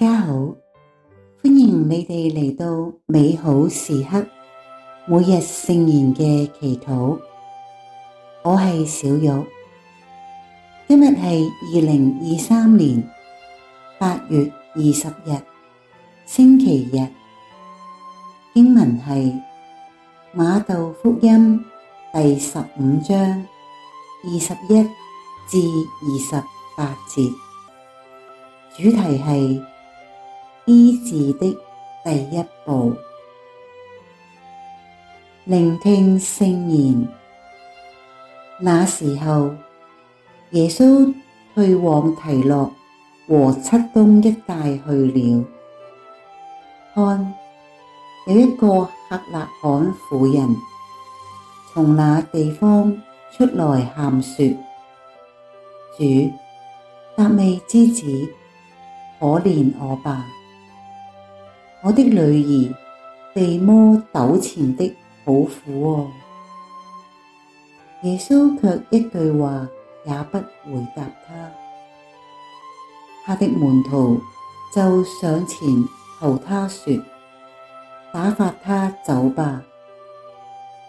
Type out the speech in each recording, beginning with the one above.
大家好，歡迎你哋嚟到美好時刻每日聖言嘅祈禱。我係小玉，今日係二零二三年八月二十日星期日。經文係瑪竇福音第十五章二十一至二十八節，主題係，醫治的第一步，聆聽聖言。那時候，耶穌退往提洛和漆冬一帶去了。看，有一個客納罕婦人，從那地方出來喊說：主，達味之子，可憐我吧！我的女兒被魔糾纏的好苦哦，耶穌卻一句話也不回答他。他的門徒就上前求他說：打發他走吧，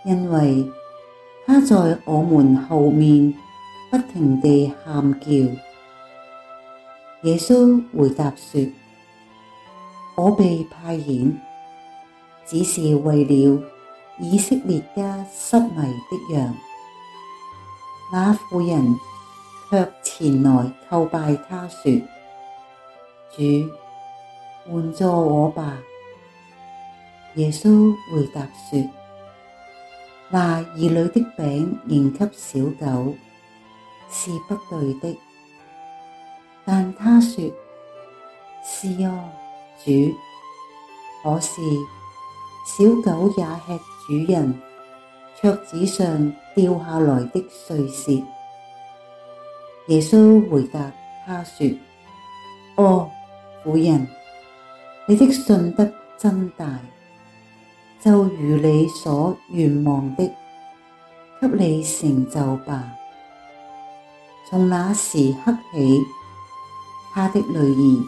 因為他在我們後面不停地喊叫。耶穌回答說。我被派遣，只是為了以色列家失迷的羊。那婦人卻前來叩拜，他說：主，援助我吧！耶穌回答說：拿兒女的餅扔給小狗，是不對的。但他說：是啊、哦。主，可是小狗也吃主人桌子上掉下來的碎屑。耶穌回答他說：哦，婦人，你的信德真大，就如你所願望的，給你成就吧。從那時刻起，他的女兒，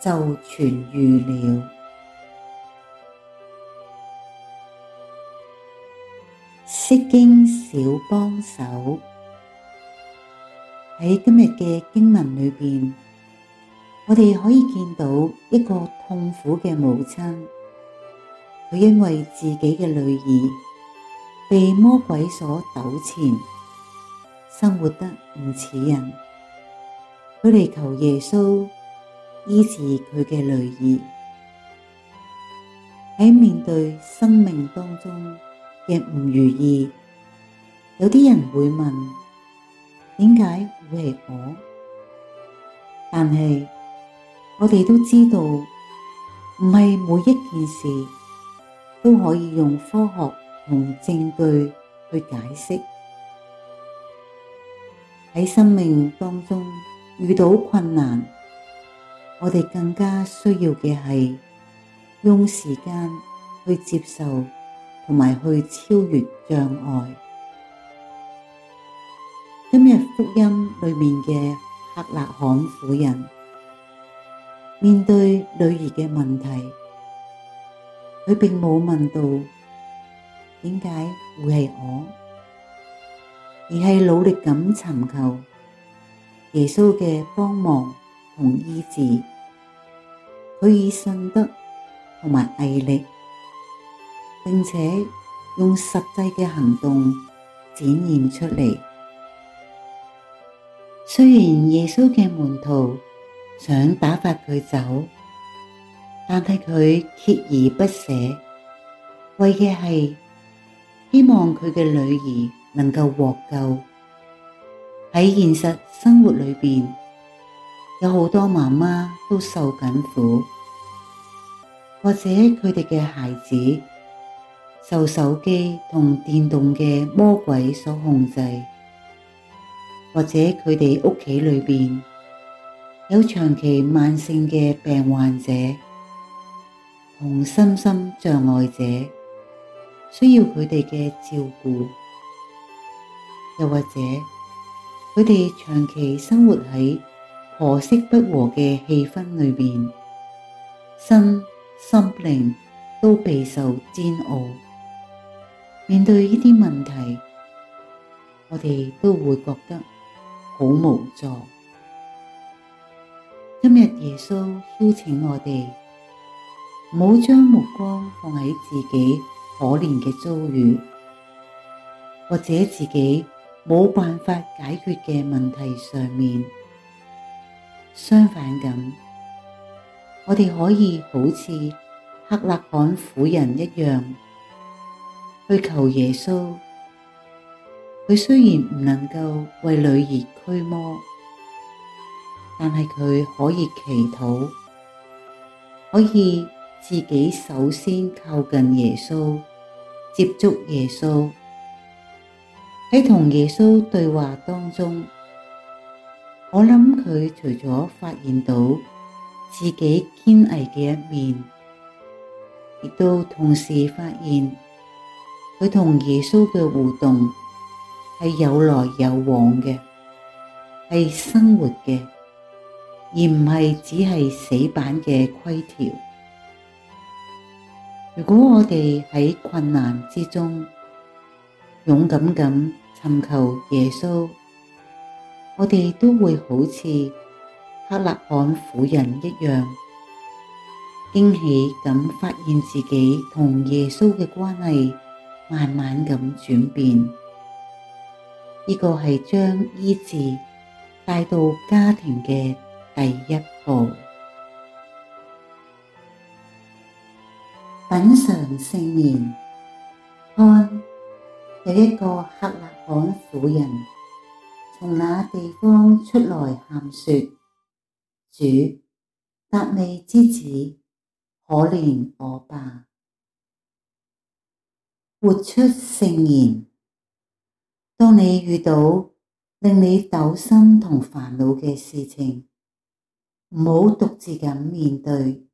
就痊愈了。釋經小幫手，喺今日嘅經文裏邊，我哋可以見到一個痛苦嘅母親，佢因為自己嘅女兒被魔鬼所糾纏，生活得唔似人，佢嚟求耶穌。醫治佢嘅淚意，喺面對生命當中嘅唔如意，有啲人會問點解會係我？但」但係我哋都知道，唔係每一件事都可以用科學同證據去解釋。喺生命當中遇到困難。我哋更加需要嘅係用時間去接受同埋去超越障礙。今日福音裏面嘅客納罕婦人面對女兒嘅問題，佢並冇問到點解會係我，而係努力咁尋求耶穌嘅幫忙，同意志，佢以信德同埋毅力，並且用實際嘅行動展現出嚟。雖然耶穌嘅門徒想打發佢走，但係佢鍥而不捨，為嘅係希望佢嘅女兒能夠獲救。喺現實生活裏邊。有好多媽媽都受緊苦，或者佢哋嘅孩子受手機同電動嘅魔鬼所控制，或者佢哋屋企裏邊有長期慢性嘅病患者同身心障礙者，需要佢哋嘅照顧，又或者佢哋長期生活喺婆媳不和嘅氣氛裏面，身心靈都備受煎熬。面對呢啲問題，我哋都會覺得好無助。今日耶穌邀請我哋，唔好將目光放喺自己可憐嘅遭遇，或者自己冇辦法解決嘅問題上面。相反咁，我哋可以好似客納罕婦人一樣，去求耶穌。佢雖然唔能夠為女兒驅魔，但係佢可以祈禱，可以自己首先靠近耶穌，接觸耶穌，喺同耶穌對話當中。我諗佢除咗發現到自己堅毅嘅一面，亦都同時發現佢同耶穌嘅互動係有來有往嘅，係生活嘅，而唔係只係死板嘅規條。如果我哋喺困難之中，勇敢咁尋求耶穌。我哋都會好似客納罕婦人一樣，驚喜咁發現自己同耶穌嘅關係慢慢咁轉變。呢、這個係將醫治帶到家庭嘅第一步。品嚐聖言，看，有一個客納罕婦人。從那地方出來，喊說：主，達味之子，可憐我吧！活出聖言。當你遇到令你糾心同煩惱嘅事情，唔好獨自咁面對，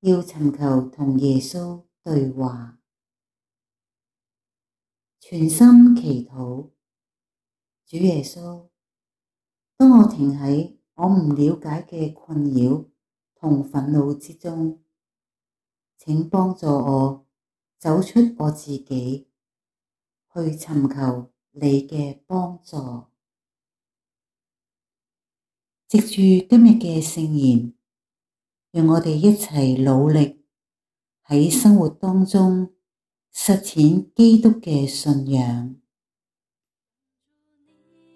要尋求同耶穌對話，全心祈禱。主耶穌，當我停喺我唔了解嘅困擾同憤怒之中，請幫助我走出我自己，去尋求你嘅幫助。藉住今日嘅聖言，讓我哋一齊努力喺生活當中實踐基督嘅信仰。